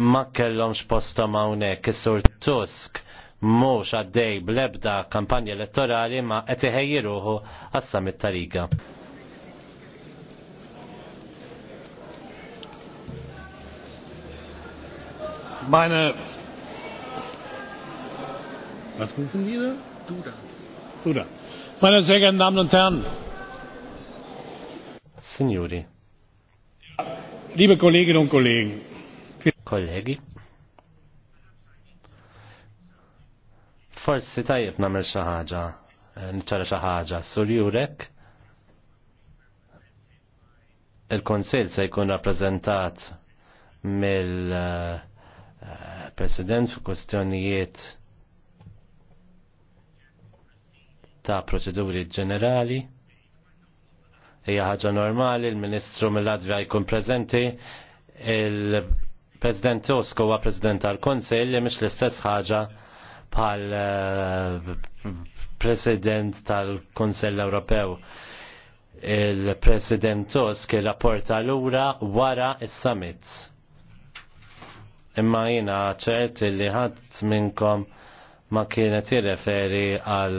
ma kellhomx posta hawnhekk is-sur Tusk mux għaddej blebda kampanja elettorali ma qed għassam għas tariga. Meine Was rufen die da? Duda. Duda. Meine sehr geehrten Damen und Herren. Signori. Liebe Kolleginnen und Kollegen kollegi. Forsi tajjeb nagħmel xi ħaġa, xaħġa, eh, xi ħaġa sur jurek. Il-Konsil se jkun rappreżentat mill-President eh, fu kustjonijiet ta' proċeduri ġenerali hija ħaġa normali, il-Ministru mill-Latvja jkun prezenti. il President Tusk huwa President tal-Konsil li mhix l-istess ħaġa bħal eh, President tal-Konsell Ewropew. Il-President Tusk irrapporta lura wara is-summit. Imma jina ċert li ħadd minnkom ma kienet jirreferi għal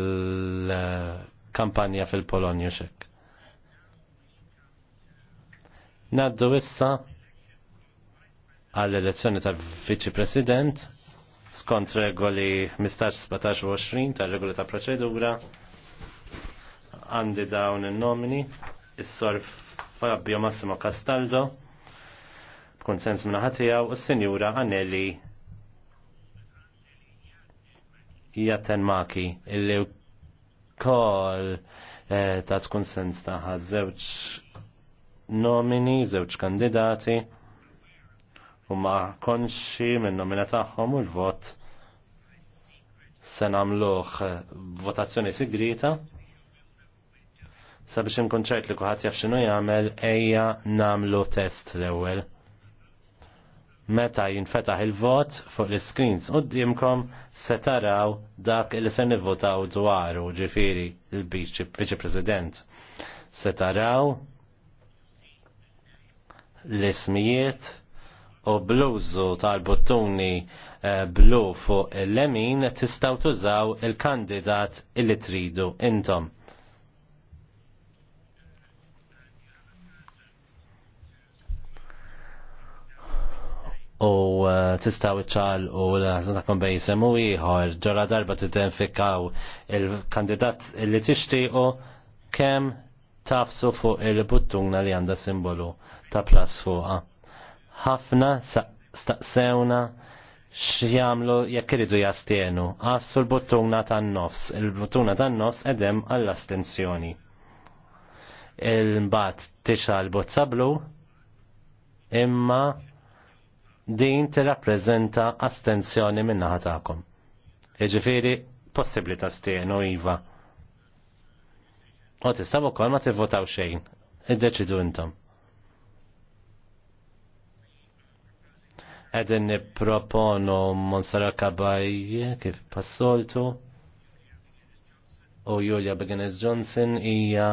eh, kampanja fil-Polonju xek. Naddu issa għall-elezzjoni tal-Viċi President skont regoli 15-17-20 tal-regoli ta' proċedura għandi dawn il-nomini il sor Fabio Massimo Castaldo b'konsens minna ħatijaw u s-senjura Anelli jatten maki illi kol eh, ta' tkun sens ta' zewċ nomini, zewċ kandidati u ma konxi minn nomina tagħhom u l-vot se nagħmluh eh, votazzjoni sigrita sabiex imkonċert li kuħat jaf x'inhu jagħmel ejja nagħmlu test l-ewwel. Meta jinfetaħ il-vot fuq l-screens d se taraw dak li se nivvotaw dwaru ġifieri il biċi President. Se taraw l-ismijiet u bluzu tal-bottuni eh, blu fuq il-lemin tistaw tużaw il-kandidat illi tridu intom. u eh, tistaw iċċal u l għazanakom bej semu iħor ġora darba t-identifikaw il-kandidat t tixtiqu kem tafsu fuq il-buttuna li għanda simbolu ta' plas fuqa ħafna staqsewna x'jamlu jekk iridu jastienu. Għafsu l-buttuna tan-nofs. Il-buttuna tan-nofs edem għall-astenzjoni. Il-mbagħad tixa l-bozza blu imma din tirrappreżenta astenzjoni min-naħa tagħkom. Jiġifieri possibbli tastienu iva. U tistgħu wkoll ma tivvotaw xejn. Iddeċidu intom. għedin niproponu Monsara Kabaj kif passoltu u Julia Beginnes Johnson hija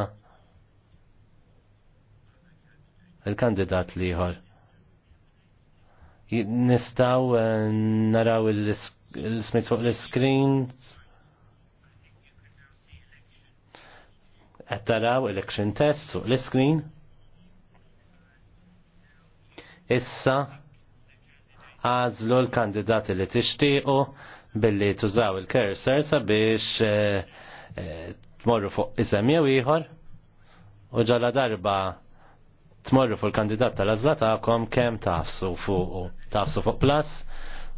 il-kandidat liħor. Nistaw eh, naraw il-smit fuq l-screen Għattaraw election test fuq l-screen. Issa għazlu l-kandidati li tixtiequ billi tużaw il-cursor sabiex eh, eh, tmorru fuq isem ieħor u ġala darba tmorru fuq il-kandidat tal-azla tagħkom kemm tafsu fuq tafsu fuq plus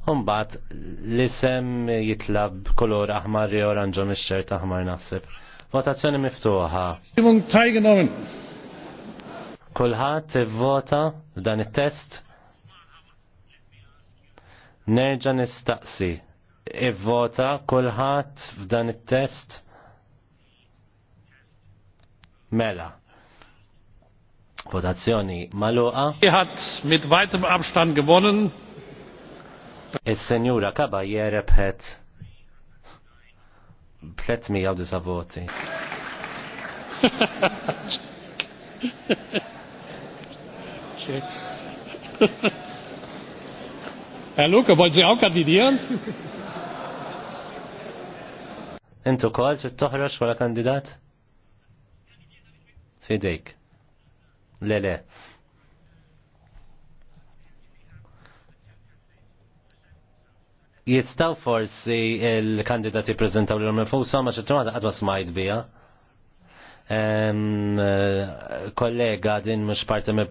Umbat l-isem jitlab kolor aħmar jew oranġo mix-xert aħmar naħseb. Votazzjoni miftuħa. Kulħadd tivvota f'dan it-test? Nerġa' nistaqsi. Ivvota kulħadd f'dan it-test? Mela. Votazzjoni maluqa. Iħat mit weitem abstand gewonnen. Is-senjura Kabajer rebħet 309 voti. Check. Herr eh, ka wollen Sie auch kandidieren? Intu kol, ċi t-toħroċ wara kandidat? Fidejk. Le, le. Jistaw forsi il-kandidati prezentaw l mifusa ma ċittumata għadwa smajt bija. Kollega din mux parti